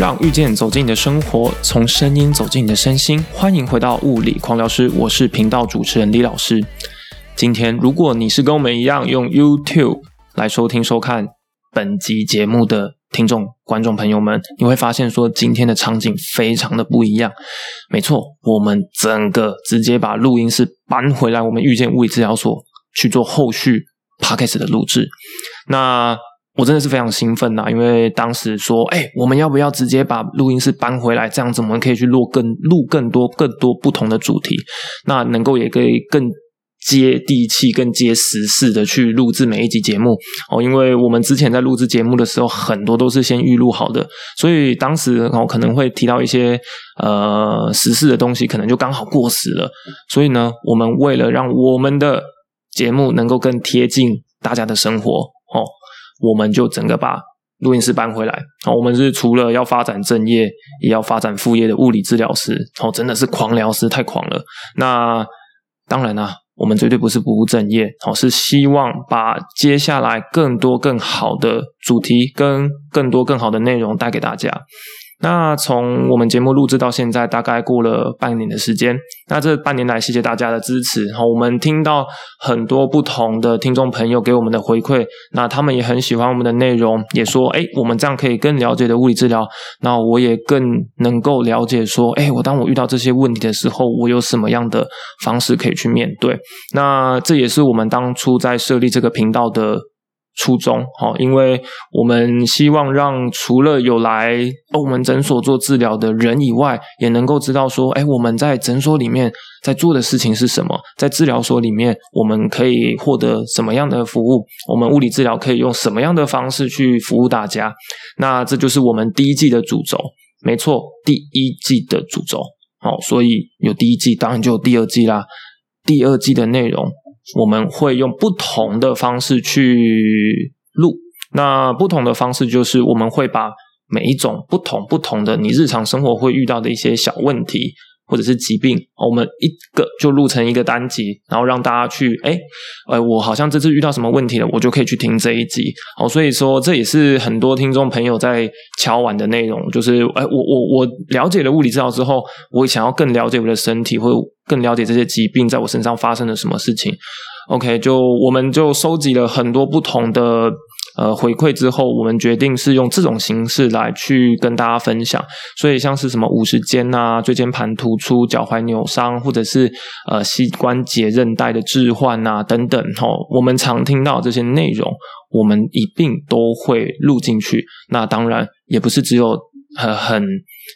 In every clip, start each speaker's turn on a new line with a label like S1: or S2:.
S1: 讓遇見走進你的生活，從聲音走進你的身心。歡迎回到物理狂聊師，我是頻道主持人李老師。今天，如果你是跟我們一樣用 YouTube 來收聽收看本集節目的聽眾、觀眾朋友們，你會發現說今天的場景非常的不一樣。沒錯，我們整個直接把錄音室搬回來，我們遇見物理治療所去做後續 Podcast 的錄製。那。我真的是非常興奮吶、啊，因為當時說，哎，我們要不要直接把錄音室搬回來？這樣子我們可以去錄更錄更多更多不同的主題，那能夠也可以更接地氣、更接時事的去錄製每一集節目哦。因為我們之前在錄製節目的時候，很多都是先預錄好的，所以當時哦可能會提到一些呃時事的東西，可能就剛好過時了。所以呢，我們為了讓我們的節目能夠更貼近大家的生活哦。我們就整個把錄音室搬回來，哦，我們是除了要發展正業，也要發展副業的物理治療師，哦，真的是狂聊師太狂了。那當然啦，我們絕對不是不務正業，哦，是希望把接下來更多更好的主題跟更多更好的內容帶給大家。那從我們節目錄製到現在，大概過了半年的時間。那這半年來，謝謝大家的支持。好，我們聽到很多不同的聽眾朋友給我們的回饋，那他們也很喜歡我們的內容，也說，哎、欸，我們這樣可以更了解的物理治療。那我也更能夠了解，說，哎、欸，我當我遇到這些問題的時候，我有什麼樣的方式可以去面對。那這也是我們當初在設立這個頻道的。初衷，好，因為我們希望讓除了有來澳門診所做治療的人以外，也能夠知道說，哎、欸，我們在診所裡面在做的事情是什麼，在治療所裡面我們可以獲得什麼樣的服務，我們物理治療可以用什麼樣的方式去服務大家。那這就是我們第一季的主軸，沒錯，第一季的主軸。好，所以有第一季，當然就有第二季啦。第二季的內容。我們會用不同的方式去錄，那不同的方式就是我們會把每一種不同不同的你日常生活會遇到的一些小問題。或者是疾病，我們一個就錄成一個單集，然後讓大家去，哎，哎，我好像這次遇到什麼問題了，我就可以去聽這一集。哦，所以說，這也是很多聽眾朋友在敲碗的內容，就是，哎，我我我了解了物理治療之後，我想要更了解我的身體，或者更了解這些疾病在我身上發生了什麼事情。OK，就我們就收集了很多不同的。呃，回饋之後，我們決定是用這種形式來去跟大家分享。所以像是什麼五十肩啊、椎間盤突出、腳踝扭傷，或者是呃膝關節韌帶的置換啊等等，吼、哦，我們常聽到這些內容，我們一併都會錄進去。那當然，也不是只有。很很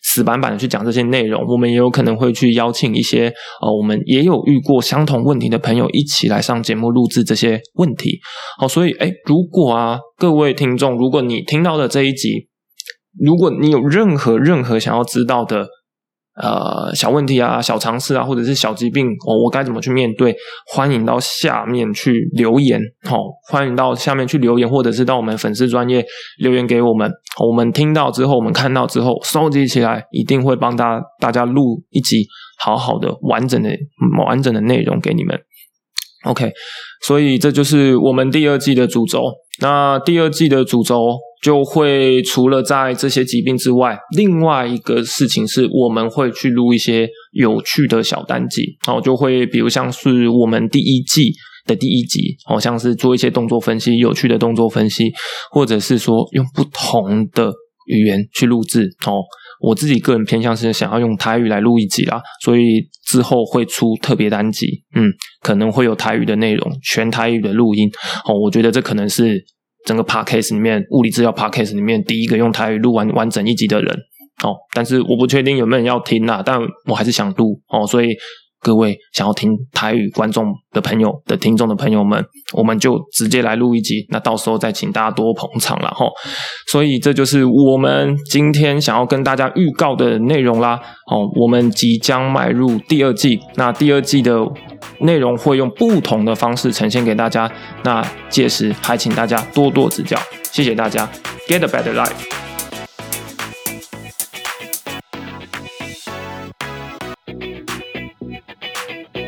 S1: 死板板的去講這些內容，我們也有可能會去邀請一些，呃、哦，我們也有遇過相同問題的朋友一起來上節目錄製這些問題。好，所以，誒，如果啊，各位聽眾，如果你聽到的這一集，如果你有任何任何想要知道的。呃，小問題啊，小常識啊，或者是小疾病，哦，我該怎麼去面對？歡迎到下面去留言，好、哦，歡迎到下面去留言，或者是到我們粉絲專頁留言給我們、哦，我們聽到之後，我們看到之後，收集起來，一定會幫大家大家錄一集好好的完整的完整的內容給你們。OK，所以這就是我們第二季的主軸。那第二季的主軸就會除了在這些疾病之外，另外一個事情是我們會去錄一些有趣的小單集哦，就會比如像是我們第一季的第一集，好像是做一些動作分析，有趣的動作分析，或者是說用不同的語言去錄制哦。我自己個人偏向是想要用台語來錄一集啦，所以之後會出特別單集，嗯，可能會有台語的內容，全台語的錄音。哦，我覺得這可能是整個 podcast 裡面物理治療 podcast 裡面第一個用台語錄完完整一集的人。哦，但是我不確定有沒有人要聽吶、啊，但我還是想錄。哦，所以。各位想要聽台語觀眾的、朋友的、聽眾的朋友們，我們就直接來錄一集，那到時候再請大家多捧場了齁。所以這就是我們今天想要跟大家預告的內容啦。哦，我們即將邁入第二季，那第二季的內容會用不同的方式呈現給大家。那屆時還請大家多多指教，謝謝大家。Get a better life。